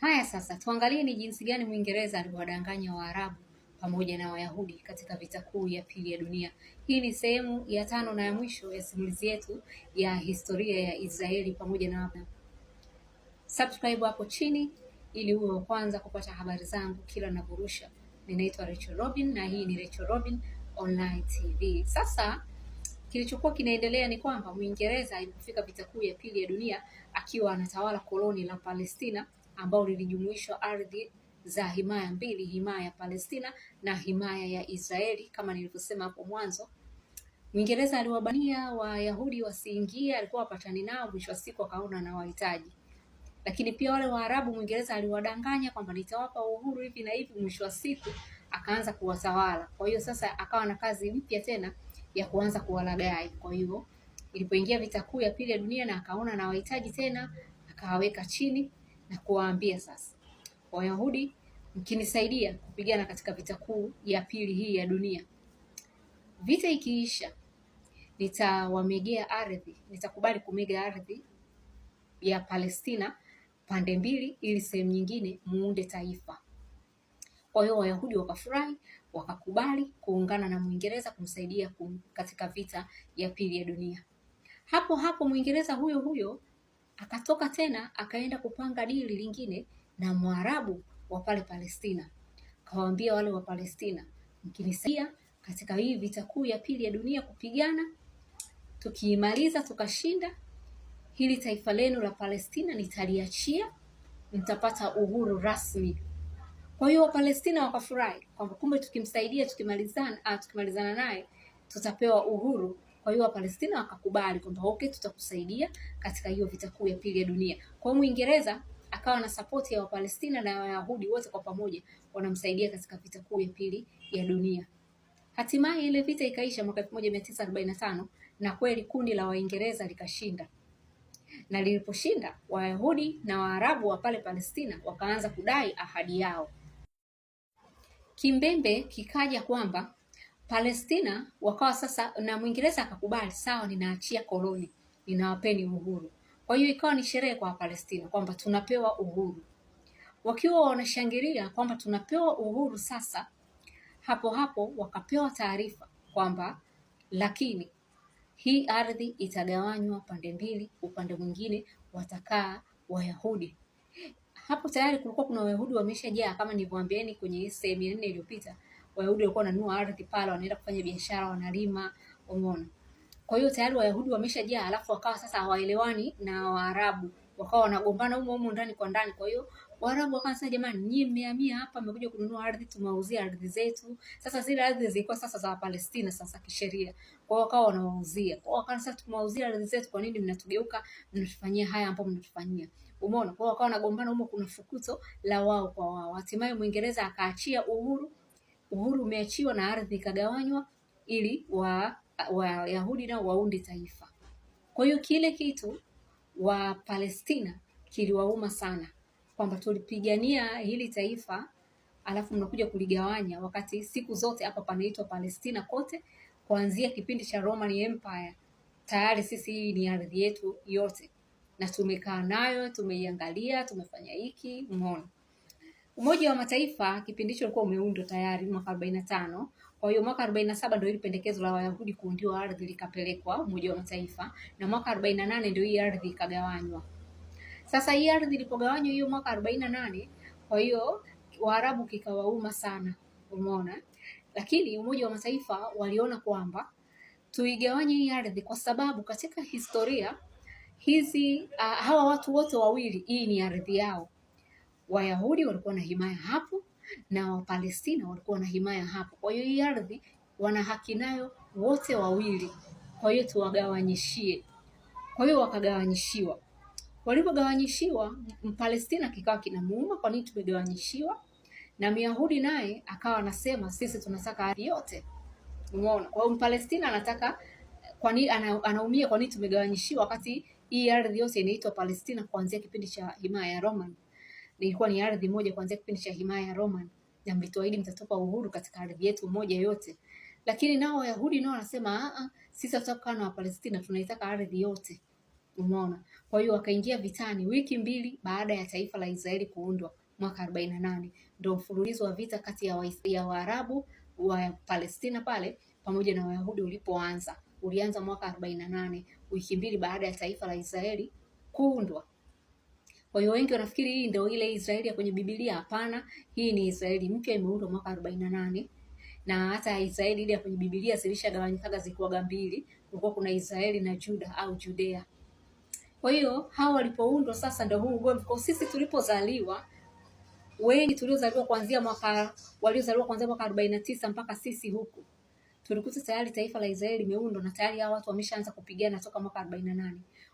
Haya sasa, tuangalie ni jinsi gani Mwingereza aliwadanganya Waarabu pamoja na Wayahudi katika vita kuu ya pili ya dunia. Hii ni sehemu ya tano na ya mwisho ya simulizi yetu ya historia ya Israeli pamoja na Waarabu. Subscribe hapo chini ili uwe wa kwanza kupata habari zangu kila ninaporusha. Ninaitwa Rachel Robin na hii ni Rachel Robin Online TV. Sasa kilichokuwa kinaendelea ni kwamba Mwingereza alipofika vita kuu ya pili ya dunia akiwa anatawala koloni la Palestina ambao lilijumuishwa ardhi za himaya mbili, himaya ya Palestina na himaya ya Israeli. Kama nilivyosema hapo mwanzo, Mwingereza aliwabania Wayahudi wasiingie, alikuwa wapatani nao, mwisho wa siku akaona na wahitaji. Lakini pia wale Waarabu, Mwingereza aliwadanganya kwamba nitawapa uhuru hivi na hivi, mwisho wa siku akaanza kuwatawala. Kwa hiyo sasa akawa na kazi mpya tena ya kuanza kuwalagai. Kwa hiyo ilipoingia vita kuu ya pili ya dunia, na akaona na wahitaji tena, akawaweka chini na kuwaambia sasa, Wayahudi, mkinisaidia kupigana katika vita kuu ya pili hii ya dunia, vita ikiisha, nitawamegea ardhi, nitakubali kumega ardhi ya Palestina pande mbili, ili sehemu nyingine muunde taifa. Kwa hiyo Wayahudi wakafurahi, wakakubali kuungana na Mwingereza kumsaidia kum, katika vita ya pili ya dunia. Hapo hapo Mwingereza huyo huyo Akatoka tena akaenda kupanga dili lingine na Mwarabu wa pale Palestina, kawaambia wale wa Palestina, mkinisaidia katika hii vita kuu ya pili ya dunia kupigana, tukiimaliza tukashinda, hili taifa lenu la Palestina nitaliachia, mtapata uhuru rasmi. Kwa hiyo Wapalestina wakafurahi kwamba kumbe tukimsaidia, tukimalizana, ah, tukimalizana naye tutapewa uhuru kwa hiyo Wapalestina wakakubali kwamba okay, tutakusaidia katika hiyo vita kuu ya pili ya dunia. Kwa hiyo Mwingereza akawa na sapoti ya Wapalestina na Wayahudi wote kwa pamoja wanamsaidia katika vita kuu ya pili ya dunia. Hatimaye ile vita ikaisha mwaka 1945 na kweli kundi la Waingereza likashinda, na liliposhinda Wayahudi na Waarabu wa pale Palestina wakaanza kudai ahadi yao. Kimbembe kikaja kwamba Palestina wakawa sasa, na Mwingereza akakubali, sawa, ninaachia koloni, ninawapeni uhuru. Kwa hiyo ikawa ni sherehe kwa Wapalestina kwamba tunapewa uhuru, wakiwa wanashangilia kwamba tunapewa uhuru. Sasa hapo hapo wakapewa taarifa kwamba lakini hii ardhi itagawanywa pande mbili, upande mwingine watakaa Wayahudi. Hapo tayari kulikuwa kuna Wayahudi wameshajaa, kama nilivyowaambieni kwenye sehemu ya nne iliyopita. Wayahudi walikuwa wananua ardhi pale, wanaenda kufanya biashara, wanalima, umeona. Kwa hiyo tayari Wayahudi wameshajaa, alafu wakawa sasa hawaelewani na Waarabu, wakawa wanagombana humo humo ndani kwa ndani. Kwa hiyo Waarabu wakawa sasa, jamani, nyinyi mmehamia hapa, mmekuja kununua ardhi, tumewauzia ardhi zetu. Sasa zile ardhi zilikuwa sasa za Palestina sasa kisheria, kwa hiyo wakawa wanawauzia. Kwa hiyo wakawa sasa, tumewauzia ardhi zetu, kwa nini mnatugeuka, mnatufanyia haya ambapo mnatufanyia Umeona, kwa hiyo wakawa wanagombana humo, kuna fukuto la wao kwa wao. Hatimaye Mwingereza akaachia uhuru uhuru umeachiwa na ardhi ikagawanywa ili Wayahudi wa nao waundi taifa. Kwa hiyo kile kitu wa Palestina kiliwauma sana kwamba tulipigania hili taifa alafu mnakuja kuligawanya, wakati siku zote hapa panaitwa Palestina kote kuanzia kipindi cha Roman Empire. Tayari sisi hii ni ardhi yetu yote, na tumekaa nayo, tumeiangalia, tumefanya hiki, umeona. Umoja wa Mataifa kipindi hicho ulikuwa umeundwa tayari mwaka 45. Kwa hiyo mwaka 47 ndio ile pendekezo la Wayahudi kuundiwa ardhi likapelekwa Umoja wa Mataifa na mwaka 48 ndio hii ardhi ikagawanywa. Sasa hii ardhi ilipogawanywa hiyo mwaka 48, kwa hiyo Waarabu kikawauma sana, umeona. Lakini Umoja wa Mataifa waliona kwamba tuigawanye hii ardhi kwa sababu katika historia hizi uh, hawa watu wote wawili hii ni ardhi yao Wayahudi walikuwa na himaya hapo na Wapalestina walikuwa na himaya hapo. Kwa hiyo hii ardhi wana haki nayo wote wawili, kwa hiyo tuwagawanyishie. Kwa hiyo wakagawanyishiwa. Walipogawanyishiwa, Mpalestina kikawa kinamuuma, kwa nini tumegawanyishiwa? Na Myahudi naye akawa anasema sisi tunataka ardhi yote. Umeona? Kwa hiyo Mpalestina anataka kwa nini ana, anaumia kwa nini tumegawanyishiwa wakati hii ardhi yote inaitwa Palestina kuanzia kipindi cha himaya ya Roman ilikuwa ni ardhi moja kuanzia kipindi cha himaya ya Roman na mlituahidi mtatupa uhuru katika ardhi yetu moja yote, lakini nao Wayahudi nao wanasema a ah, a, ah, sisi hatutaka kukaa na Wapalestina, tunaitaka ardhi yote. Umeona? Kwa hiyo wakaingia vitani wiki mbili baada ya taifa la Israeli kuundwa mwaka 48, ndio mfululizo wa vita kati ya wa, ya Waarabu wa Palestina pale pamoja na Wayahudi ulipoanza. Ulianza mwaka 48 wiki mbili baada ya taifa la Israeli kuundwa. Kwa hiyo wengi wanafikiri hii ndio ile Israeli ya kwenye Biblia. Hapana, hii ni Israeli mpya imeundwa mwaka 48 na hata Israeli ile ya kwenye Biblia zilishagawanyikaga zikuwaga mbili, kulikuwa kuna Israeli na Juda au Judea. Kwa hiyo hao walipoundwa sasa ndio huu ugomvi. Kwa sisi tulipozaliwa wengi tuliozaliwa kuanzia mwaka waliozaliwa kuanzia mwaka 49 mpaka sisi huku tulikuta tayari taifa la Israeli limeundwa na tayari hao watu wameshaanza kupigana toka mwaka 48.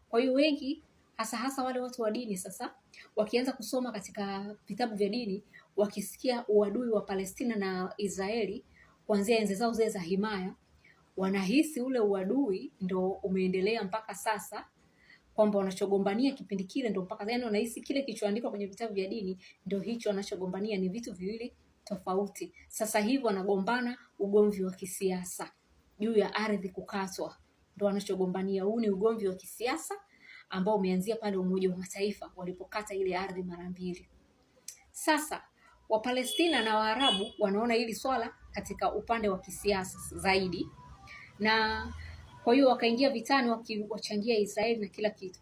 Kwa hiyo wengi hasa hasa wale watu wa dini sasa wakianza kusoma katika vitabu vya dini, wakisikia uadui wa Palestina na Israeli kuanzia enzi zao zile za himaya, wanahisi ule uadui ndo umeendelea mpaka sasa, kwamba wanachogombania kipindi kile ndo mpaka yani, wanahisi kile kilichoandikwa kwenye vitabu vya dini ndo hicho wanachogombania, ni vitu viwili tofauti. Sasa hivi wanagombana ugomvi wa kisiasa juu ya ardhi kukatwa, ndo wanachogombania. Huu ni ugomvi wa kisiasa ambao umeanzia pale Umoja wa Mataifa walipokata ile ardhi mara mbili. Sasa Wapalestina na Waarabu wanaona hili swala katika upande wa kisiasa zaidi, na kwa hiyo wakaingia vitani wakiwachangia Israeli na kila kitu.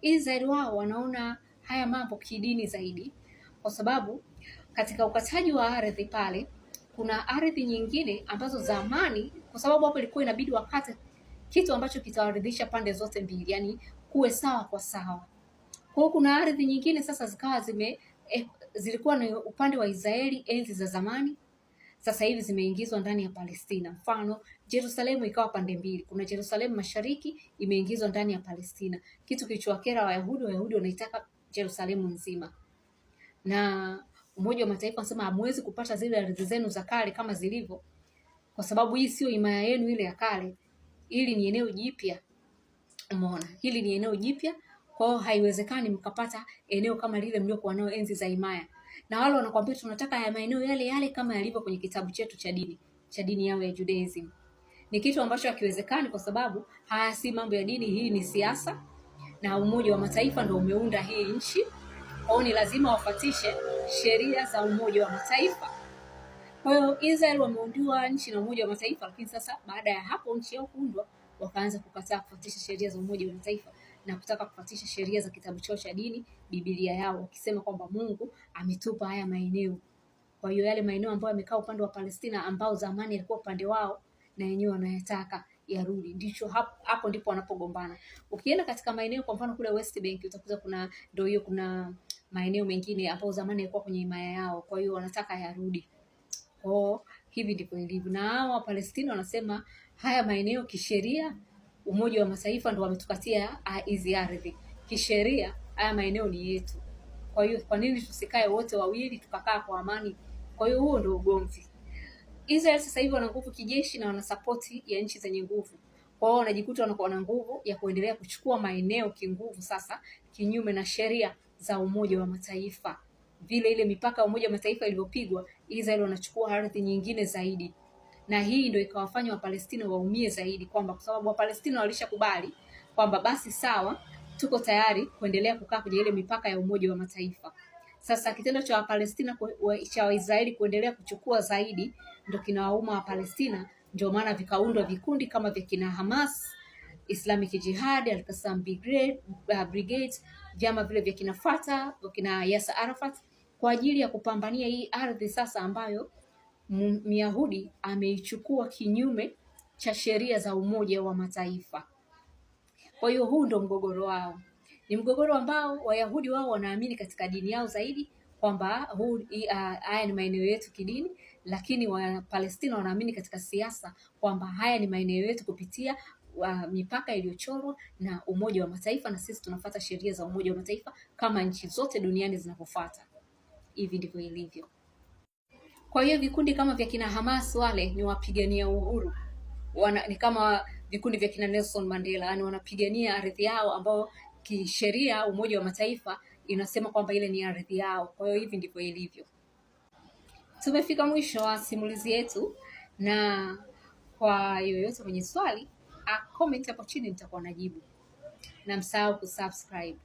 Israeli wao wanaona haya mambo kidini zaidi, kwa sababu katika ukataji wa ardhi pale kuna ardhi nyingine ambazo zamani, kwa sababu hapo ilikuwa inabidi wakate kitu ambacho kitawaridhisha pande zote mbili, yani kuwe sawa kwa sawa. Kwa hiyo kuna ardhi nyingine sasa zikawa zime eh, zilikuwa ni upande wa Israeli enzi za zamani, sasa hivi zimeingizwa ndani ya Palestina. Mfano, Jerusalemu ikawa pande mbili, kuna Jerusalemu mashariki imeingizwa ndani ya Palestina, kitu kilichowakera Wayahudi. Wayahudi wanaitaka Jerusalemu nzima, na Umoja wa Mataifa unasema hamwezi kupata zile ardhi zenu za kale kama zilivyo, kwa sababu hii sio himaya yenu ile ya kale, ili ni eneo jipya Umeona, hili ni eneo jipya, kwa hiyo haiwezekani mkapata eneo kama lile mliokuwa nao enzi za himaya, na wale wanakuambia tunataka ya maeneo yale yale kama yalivyo kwenye kitabu chetu cha dini cha dini yao ya Judaism. Ni kitu ambacho hakiwezekani, kwa sababu haya si mambo ya dini, hii ni siasa, na Umoja wa Mataifa ndio umeunda hii nchi. Kwa hiyo ni lazima wafatishe sheria za Umoja wa Mataifa. Kwa hiyo Israel wameundiwa nchi na Umoja wa Mataifa, lakini sasa baada ya hapo nchi yao kuundwa wakaanza kukataa kufuatisha sheria za Umoja wa Mataifa na kutaka kufuatisha sheria za kitabu chao cha dini, Biblia yao, wakisema kwamba Mungu ametupa haya maeneo. Kwa hiyo yale maeneo ambayo yamekaa upande wa Palestina ambao zamani yalikuwa upande wao, na yenyewe wanayataka yarudi. Ndicho hapo, hapo ndipo wanapogombana. Ukienda katika maeneo kwa mfano kule West Bank utakuta kuna ndio hiyo, kuna maeneo mengine ambayo zamani yalikuwa kwenye himaya yao, kwa hiyo wanataka yarudi. Kwa hivi ndipo ilivyo, na hao Palestina wanasema haya maeneo kisheria, Umoja wa Mataifa ndo wametukatia ah, hizi ardhi kisheria, haya maeneo ni yetu. Kwa hiyo kwa nini tusikae wote wawili tukakaa kwa amani? Kwa hiyo huo ndio ugomvi. Israel sasa hivi wana nguvu kijeshi na wana sapoti ya nchi zenye nguvu, kwa hiyo wanajikuta wanakuwa na nguvu ya kuendelea kuchukua maeneo kinguvu, sasa kinyume na sheria za Umoja wa Mataifa. Vile ile mipaka ya Umoja wa Mataifa ilivyopigwa, Israel wanachukua ardhi nyingine zaidi na hii ndio ikawafanya Wapalestina waumie zaidi, kwamba kwa sababu Wapalestina walishakubali kwamba basi sawa, tuko tayari kuendelea kukaa kwenye ile mipaka ya Umoja wa Mataifa. Sasa kitendo cha Wapalestina cha Waisraeli kuendelea kuchukua zaidi ndio kinawauma Wapalestina, ndio maana vikaundwa vikundi kama vya kina Hamas, Islamic Jihad, Al-Qassam uh, Brigade, vyama vile vya kina Fatah, vya kina Yasser Arafat kwa ajili ya kupambania hii ardhi sasa ambayo Myahudi ameichukua kinyume cha sheria za Umoja wa Mataifa. Kwa hiyo huu ndo mgogoro wao, ni mgogoro ambao Wayahudi wao wanaamini katika dini yao zaidi kwamba huu haya ni maeneo yetu kidini, lakini Wapalestina wanaamini katika siasa kwamba haya ni maeneo yetu kupitia wa mipaka iliyochorwa na Umoja wa Mataifa, na sisi tunafata sheria za Umoja wa Mataifa kama nchi zote duniani zinavyofuata. Hivi ndivyo ilivyo. Kwa hiyo vikundi kama vya kina Hamas wale ni wapigania uhuru wana, ni kama vikundi vya kina Nelson Mandela, yani wanapigania ardhi yao ambao kisheria Umoja wa Mataifa inasema kwamba ile ni ardhi yao. Kwa hiyo hivi ndivyo ilivyo. Tumefika mwisho wa simulizi yetu, na kwa yoyote mwenye swali a comment hapo chini, nitakuwa najibu, na msahau kusubscribe.